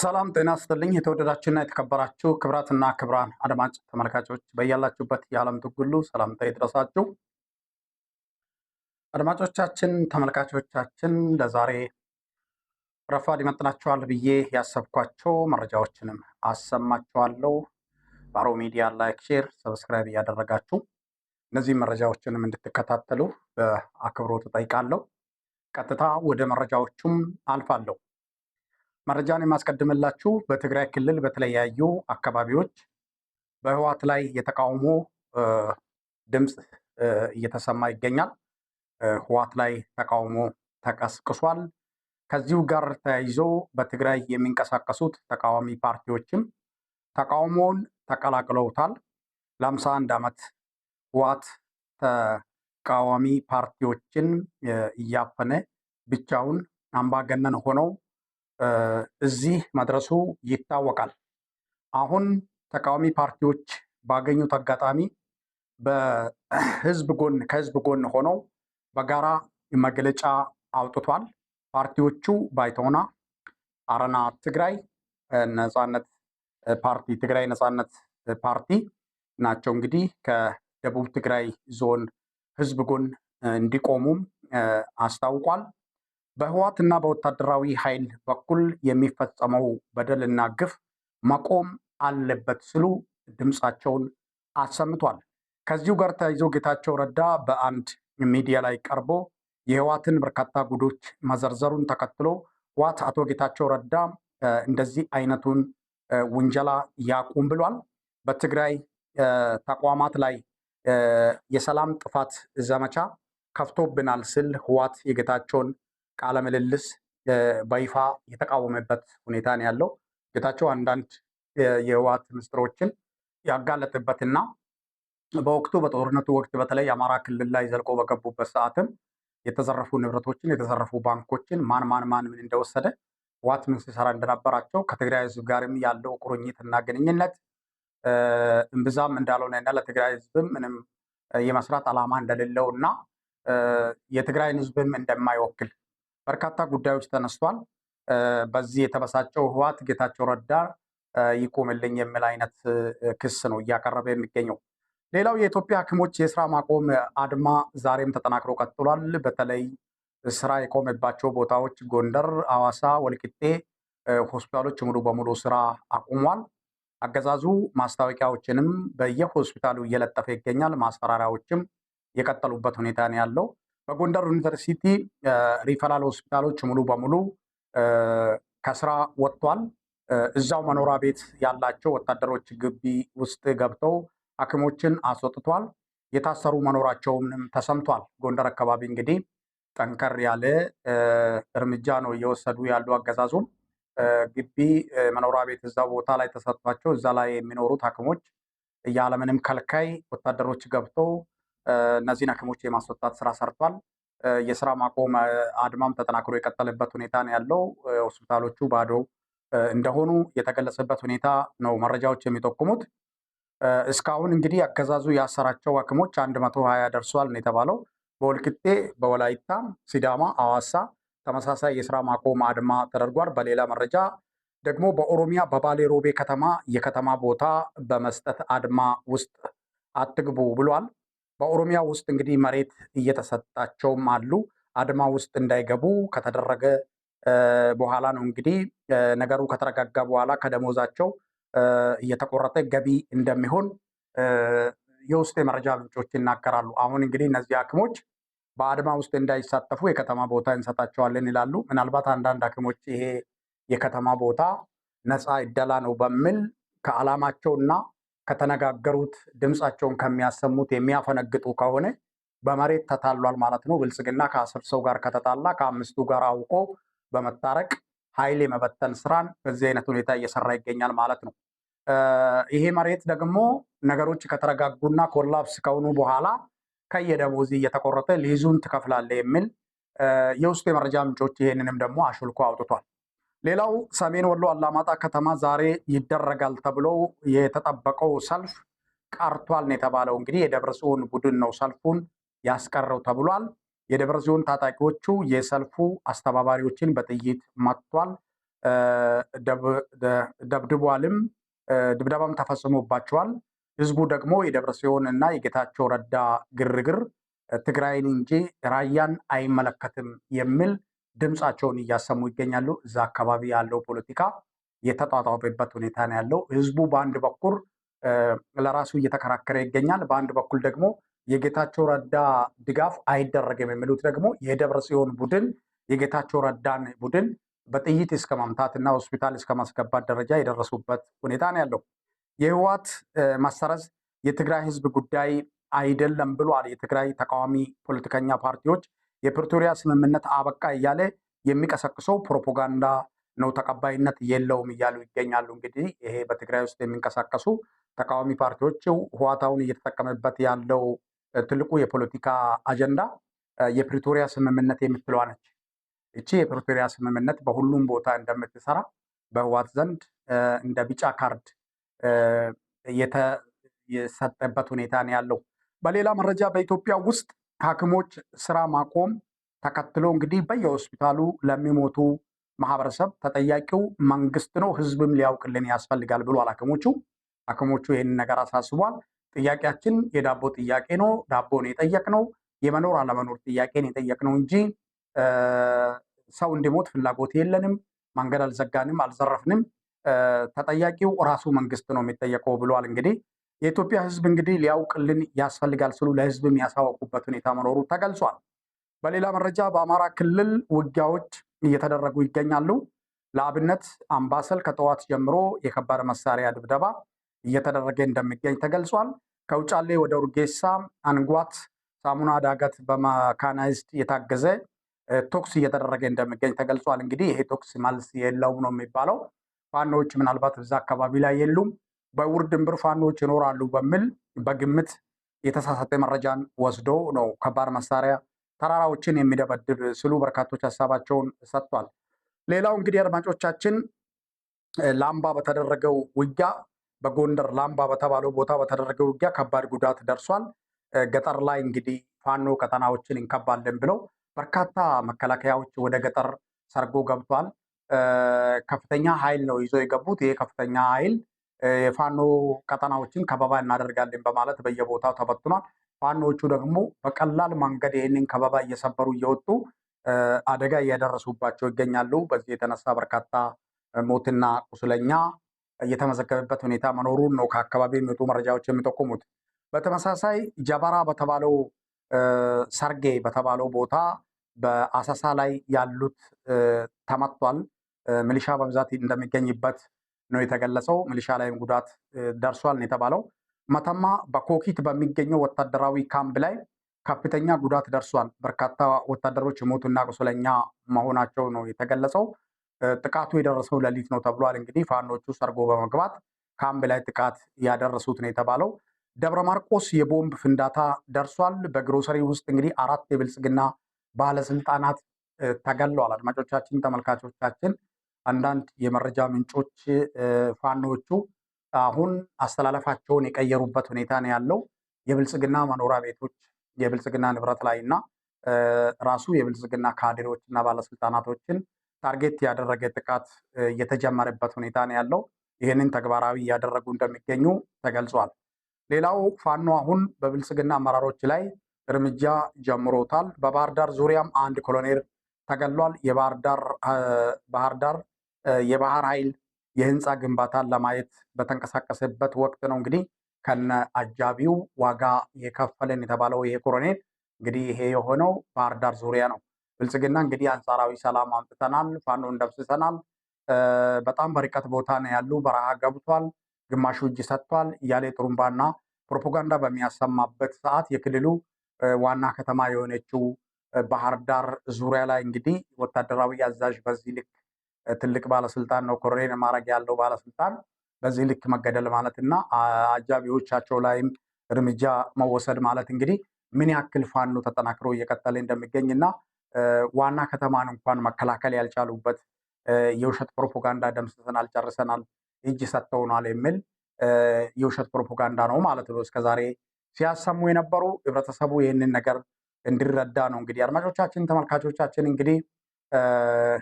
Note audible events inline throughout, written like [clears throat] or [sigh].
ሰላም ጤና ስትልኝ የተወደዳችሁና የተከበራችሁ ክብራትና ክብራን አድማጭ ተመልካቾች በያላችሁበት የዓለም ትጉሉ ሰላምታ ይድረሳችሁ። አድማጮቻችን፣ ተመልካቾቻችን ለዛሬ ረፋድ ይመጥናችኋል ብዬ ያሰብኳቸው መረጃዎችንም አሰማችኋለሁ። ባሮ ሚዲያ ላይክ፣ ሼር፣ ሰብስክራይብ እያደረጋችሁ እነዚህ መረጃዎችንም እንድትከታተሉ በአክብሮት እጠይቃለሁ። ቀጥታ ወደ መረጃዎቹም አልፋለሁ። መረጃን የማስቀድምላችሁ በትግራይ ክልል በተለያዩ አካባቢዎች በህዋት ላይ የተቃውሞ ድምፅ እየተሰማ ይገኛል። ህዋት ላይ ተቃውሞ ተቀስቅሷል። ከዚሁ ጋር ተያይዞ በትግራይ የሚንቀሳቀሱት ተቃዋሚ ፓርቲዎችም ተቃውሞውን ተቀላቅለውታል። ለአምሳ አንድ ዓመት ህዋት ተቃዋሚ ፓርቲዎችን እያፈነ ብቻውን አምባገነን ሆነው እዚህ መድረሱ ይታወቃል። አሁን ተቃዋሚ ፓርቲዎች ባገኙት አጋጣሚ በህዝብ [clears throat] ጎን ከህዝብ ጎን ሆነው በጋራ መግለጫ አውጥቷል። ፓርቲዎቹ ባይተውና፣ አረና ትግራይ፣ ነጻነት ፓርቲ ትግራይ ነጻነት ፓርቲ ናቸው። እንግዲህ ከደቡብ ትግራይ ዞን ህዝብ ጎን እንዲቆሙም አስታውቋል። በህዋትና በወታደራዊ ኃይል በኩል የሚፈጸመው በደልና ግፍ መቆም አለበት ሲሉ ድምፃቸውን አሰምቷል። ከዚሁ ጋር ተያይዞ ጌታቸው ረዳ በአንድ ሚዲያ ላይ ቀርቦ የህዋትን በርካታ ጉዶች መዘርዘሩን ተከትሎ ህዋት አቶ ጌታቸው ረዳ እንደዚህ አይነቱን ውንጀላ ያቁም ብሏል። በትግራይ ተቋማት ላይ የሰላም ጥፋት ዘመቻ ከፍቶብናል ስል ህዋት የጌታቸውን ቃለ ምልልስ በይፋ የተቃወመበት ሁኔታ ነው ያለው። ጌታቸው አንዳንድ የህወሓት ምስጢሮችን ያጋለጥበትና በወቅቱ በጦርነቱ ወቅት በተለይ የአማራ ክልል ላይ ዘልቆ በገቡበት ሰዓትም የተዘረፉ ንብረቶችን የተዘረፉ ባንኮችን ማን ማን ማን ምን እንደወሰደ ህወሓት ምን ሲሰራ እንደነበራቸው ከትግራይ ህዝብ ጋርም ያለው ቁርኝት እና ግንኙነት እምብዛም እንዳልሆነ እና ለትግራይ ህዝብም ምንም የመስራት ዓላማ እንደሌለው እና የትግራይን ህዝብም እንደማይወክል በርካታ ጉዳዮች ተነስቷል። በዚህ የተበሳጨው ህወሓት ጌታቸው ረዳ ይቆምልኝ የሚል አይነት ክስ ነው እያቀረበ የሚገኘው። ሌላው የኢትዮጵያ ሐኪሞች የስራ ማቆም አድማ ዛሬም ተጠናክሮ ቀጥሏል። በተለይ ስራ የቆመባቸው ቦታዎች ጎንደር፣ አዋሳ፣ ወልቂጤ ሆስፒታሎች ሙሉ በሙሉ ስራ አቁሟል። አገዛዙ ማስታወቂያዎችንም በየሆስፒታሉ እየለጠፈ ይገኛል። ማስፈራሪያዎችም የቀጠሉበት ሁኔታ ነው ያለው። በጎንደር ዩኒቨርሲቲ ሪፈራል ሆስፒታሎች ሙሉ በሙሉ ከስራ ወጥቷል። እዛው መኖሪያ ቤት ያላቸው ወታደሮች ግቢ ውስጥ ገብተው ሐኪሞችን አስወጥቷል። የታሰሩ መኖራቸውንም ተሰምቷል። ጎንደር አካባቢ እንግዲህ ጠንከር ያለ እርምጃ ነው እየወሰዱ ያሉ አገዛዙም ግቢ መኖሪያ ቤት እዛ ቦታ ላይ ተሰጥቷቸው እዛ ላይ የሚኖሩት ሐኪሞች ያለምንም ከልካይ ወታደሮች ገብተው እነዚህን ሐኪሞች የማስወጣት ስራ ሰርቷል። የስራ ማቆም አድማም ተጠናክሮ የቀጠለበት ሁኔታ ነው ያለው። ሆስፒታሎቹ ባዶ እንደሆኑ የተገለጸበት ሁኔታ ነው መረጃዎች የሚጠቁሙት። እስካሁን እንግዲህ አገዛዙ ያሰራቸው ሐኪሞች አንድ መቶ ሀያ ደርሷል ነው የተባለው። በወልቅጤ፣ በወላይታ፣ ሲዳማ፣ አዋሳ ተመሳሳይ የስራ ማቆም አድማ ተደርጓል። በሌላ መረጃ ደግሞ በኦሮሚያ በባሌ ሮቤ ከተማ የከተማ ቦታ በመስጠት አድማ ውስጥ አትግቡ ብሏል። በኦሮሚያ ውስጥ እንግዲህ መሬት እየተሰጣቸውም አሉ። አድማ ውስጥ እንዳይገቡ ከተደረገ በኋላ ነው እንግዲህ ነገሩ ከተረጋጋ በኋላ ከደሞዛቸው እየተቆረጠ ገቢ እንደሚሆን የውስጥ የመረጃ ምንጮች ይናገራሉ። አሁን እንግዲህ እነዚህ ሐኪሞች በአድማ ውስጥ እንዳይሳተፉ የከተማ ቦታ እንሰጣቸዋለን ይላሉ። ምናልባት አንዳንድ ሐኪሞች ይሄ የከተማ ቦታ ነፃ ይደላ ነው በሚል ከአላማቸውና። ከተነጋገሩት ድምፃቸውን ከሚያሰሙት የሚያፈነግጡ ከሆነ በመሬት ተታሏል ማለት ነው። ብልጽግና ከአስር ሰው ጋር ከተጣላ ከአምስቱ ጋር አውቆ በመታረቅ ኃይል የመበተን ስራን በዚህ አይነት ሁኔታ እየሰራ ይገኛል ማለት ነው። ይሄ መሬት ደግሞ ነገሮች ከተረጋጉና ኮላፕስ ከሆኑ በኋላ ከየደሞዝ እየተቆረጠ ሊዙን ትከፍላለ የሚል የውስጡ የመረጃ ምንጮች ይሄንንም ደግሞ አሹልኮ አውጥቷል። ሌላው ሰሜን ወሎ አላማጣ ከተማ ዛሬ ይደረጋል ተብሎ የተጠበቀው ሰልፍ ቀርቷል ነው የተባለው። እንግዲህ የደብረ ጽዮን ቡድን ነው ሰልፉን ያስቀረው ተብሏል። የደብረ ጽዮን ታጣቂዎቹ የሰልፉ አስተባባሪዎችን በጥይት መጥቷል፣ ደብድቧልም፣ ድብደባም ተፈጽሞባቸዋል። ህዝቡ ደግሞ የደብረ ጽዮን እና የጌታቸው ረዳ ግርግር ትግራይን እንጂ ራያን አይመለከትም የሚል ድምፃቸውን እያሰሙ ይገኛሉ። እዛ አካባቢ ያለው ፖለቲካ የተጧጧፈበት ሁኔታ ነው ያለው። ህዝቡ በአንድ በኩል ለራሱ እየተከራከረ ይገኛል። በአንድ በኩል ደግሞ የጌታቸው ረዳ ድጋፍ አይደረግም የሚሉት ደግሞ የደብረ ጽዮን ቡድን የጌታቸው ረዳን ቡድን በጥይት እስከ ማምታት እና ሆስፒታል እስከ ማስገባት ደረጃ የደረሱበት ሁኔታ ነው ያለው። የህወሓት ማሰረዝ የትግራይ ህዝብ ጉዳይ አይደለም ብሏል። የትግራይ ተቃዋሚ ፖለቲከኛ ፓርቲዎች የፕሪቶሪያ ስምምነት አበቃ እያለ የሚቀሰቅሰው ፕሮፓጋንዳ ነው፣ ተቀባይነት የለውም እያሉ ይገኛሉ። እንግዲህ ይሄ በትግራይ ውስጥ የሚንቀሳቀሱ ተቃዋሚ ፓርቲዎች ህዋታውን እየተጠቀመበት ያለው ትልቁ የፖለቲካ አጀንዳ የፕሪቶሪያ ስምምነት የምትለዋ ነች። እቺ የፕሪቶሪያ ስምምነት በሁሉም ቦታ እንደምትሰራ በህዋት ዘንድ እንደ ቢጫ ካርድ የተሰጠበት ሁኔታ ነው ያለው። በሌላ መረጃ በኢትዮጵያ ውስጥ ሐኪሞች ስራ ማቆም ተከትሎ እንግዲህ በየሆስፒታሉ ለሚሞቱ ማህበረሰብ ተጠያቂው መንግስት ነው፣ ህዝብም ሊያውቅልን ያስፈልጋል ብሏል ሐኪሞቹ ሐኪሞቹ ይህን ነገር አሳስቧል። ጥያቄያችን የዳቦ ጥያቄ ነው፣ ዳቦን የጠየቅ ነው፣ የመኖር አለመኖር ጥያቄን የጠየቅ ነው እንጂ ሰው እንዲሞት ፍላጎት የለንም፣ መንገድ አልዘጋንም፣ አልዘረፍንም፣ ተጠያቂው ራሱ መንግስት ነው የሚጠየቀው ብሏል እንግዲህ የኢትዮጵያ ህዝብ እንግዲህ ሊያውቅልን ያስፈልጋል ስሉ ለህዝብ ያሳወቁበት ሁኔታ መኖሩ ተገልጿል። በሌላ መረጃ በአማራ ክልል ውጊያዎች እየተደረጉ ይገኛሉ። ለአብነት አምባሰል ከጠዋት ጀምሮ የከባድ መሳሪያ ድብደባ እየተደረገ እንደሚገኝ ተገልጿል። ከውጫሌ ወደ ኡርጌሳ አንጓት ሳሙና ዳገት በመካናይዝድ የታገዘ ቶክስ እየተደረገ እንደሚገኝ ተገልጿል። እንግዲህ ይሄ ቶክስ መልስ የለውም ነው የሚባለው። ፋኖዎች ምናልባት እዛ አካባቢ ላይ የሉም ድንብር ፋኖች ይኖራሉ በሚል በግምት የተሳሳተ መረጃን ወስዶ ነው ከባድ መሳሪያ ተራራዎችን የሚደበድብ ስሉ በርካቶች ሀሳባቸውን ሰጥቷል። ሌላው እንግዲህ አድማጮቻችን ላምባ በተደረገው ውጊያ በጎንደር ላምባ በተባለው ቦታ በተደረገው ውጊያ ከባድ ጉዳት ደርሷል። ገጠር ላይ እንግዲህ ፋኖ ቀጠናዎችን እንከባለን ብለው በርካታ መከላከያዎች ወደ ገጠር ሰርጎ ገብቷል። ከፍተኛ ኃይል ነው ይዞ የገቡት። ይሄ ከፍተኛ ኃይል የፋኖ ቀጠናዎችን ከበባ እናደርጋለን በማለት በየቦታው ተበትኗል። ፋኖዎቹ ደግሞ በቀላል መንገድ ይህንን ከበባ እየሰበሩ እየወጡ አደጋ እያደረሱባቸው ይገኛሉ። በዚህ የተነሳ በርካታ ሞትና ቁስለኛ እየተመዘገበበት ሁኔታ መኖሩን ነው ከአካባቢ የሚወጡ መረጃዎች የሚጠቁሙት። በተመሳሳይ ጀበራ በተባለው ሰርጌ በተባለው ቦታ በአሰሳ ላይ ያሉት ተመቷል። ሚሊሻ በብዛት እንደሚገኝበት ነው የተገለጸው። ሚሊሻ ላይም ጉዳት ደርሷል ነው የተባለው። መተማ በኮኪት በሚገኘው ወታደራዊ ካምፕ ላይ ከፍተኛ ጉዳት ደርሷል። በርካታ ወታደሮች ሞቱና ቁስለኛ መሆናቸው ነው የተገለጸው። ጥቃቱ የደረሰው ሌሊት ነው ተብሏል። እንግዲህ ፋኖቹ ሰርጎ በመግባት ካምፕ ላይ ጥቃት ያደረሱት ነው የተባለው። ደብረ ማርቆስ የቦምብ ፍንዳታ ደርሷል። በግሮሰሪ ውስጥ እንግዲህ አራት የብልጽግና ባለስልጣናት ተገለዋል። አድማጮቻችን፣ ተመልካቾቻችን አንዳንድ የመረጃ ምንጮች ፋኖቹ አሁን አስተላለፋቸውን የቀየሩበት ሁኔታ ነው ያለው። የብልጽግና መኖሪያ ቤቶች የብልጽግና ንብረት ላይ እና ራሱ የብልጽግና ካድሬዎች እና ባለስልጣናቶችን ታርጌት ያደረገ ጥቃት እየተጀመረበት ሁኔታ ነው ያለው። ይህንን ተግባራዊ እያደረጉ እንደሚገኙ ተገልጿል። ሌላው ፋኖ አሁን በብልጽግና አመራሮች ላይ እርምጃ ጀምሮታል። በባህር ዳር ዙሪያም አንድ ኮሎኔል ተገሏል። የባህር ዳር የባህር ኃይል የህንፃ ግንባታን ለማየት በተንቀሳቀሰበት ወቅት ነው እንግዲህ ከነ አጃቢው ዋጋ የከፈለን የተባለው ይሄ ኮሎኔል እንግዲህ ይሄ የሆነው ባህር ዳር ዙሪያ ነው። ብልጽግና እንግዲህ አንጻራዊ ሰላም አምጥተናል፣ ፋኖን ደምስሰናል፣ በጣም በርቀት ቦታ ነው ያሉ በረሃ ገብቷል፣ ግማሹ እጅ ሰጥቷል እያለ ጥሩምባና ፕሮፓጋንዳ በሚያሰማበት ሰዓት የክልሉ ዋና ከተማ የሆነችው ባህር ዳር ዙሪያ ላይ እንግዲህ ወታደራዊ አዛዥ በዚህ ልክ ትልቅ ባለስልጣን ነው ኮሬን ማድረግ ያለው ባለስልጣን በዚህ ልክ መገደል ማለት እና አጃቢዎቻቸው ላይም እርምጃ መወሰድ ማለት እንግዲህ ምን ያክል ፋኖ ተጠናክሮ እየቀጠለ እንደሚገኝ እና ዋና ከተማን እንኳን መከላከል ያልቻሉበት የውሸት ፕሮፓጋንዳ ደምስሰናል፣ ጨርሰናል፣ እጅ ሰጥተውናል የሚል የውሸት ፕሮፓጋንዳ ነው ማለት ነው እስከዛሬ ሲያሰሙ የነበሩ ህብረተሰቡ ይህንን ነገር እንዲረዳ ነው። እንግዲህ አድማጮቻችን፣ ተመልካቾቻችን እንግዲህ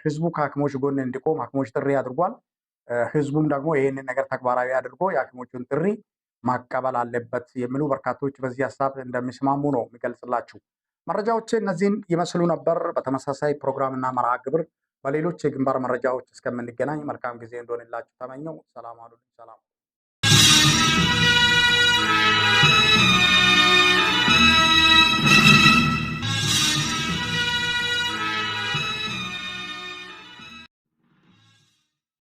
ህዝቡ ከሀኪሞች ጎን እንዲቆም ሀኪሞች ጥሪ አድርጓል። ህዝቡም ደግሞ ይህንን ነገር ተግባራዊ አድርጎ የሀኪሞቹን ጥሪ ማቀበል አለበት የሚሉ በርካቶች በዚህ ሀሳብ እንደሚስማሙ ነው የሚገልጽላችሁ። መረጃዎች እነዚህን ይመስሉ ነበር። በተመሳሳይ ፕሮግራምና መርሃ ግብር በሌሎች የግንባር መረጃዎች እስከምንገናኝ መልካም ጊዜ እንደሆንላችሁ ተመኘው። ሰላም አሉ። ሰላም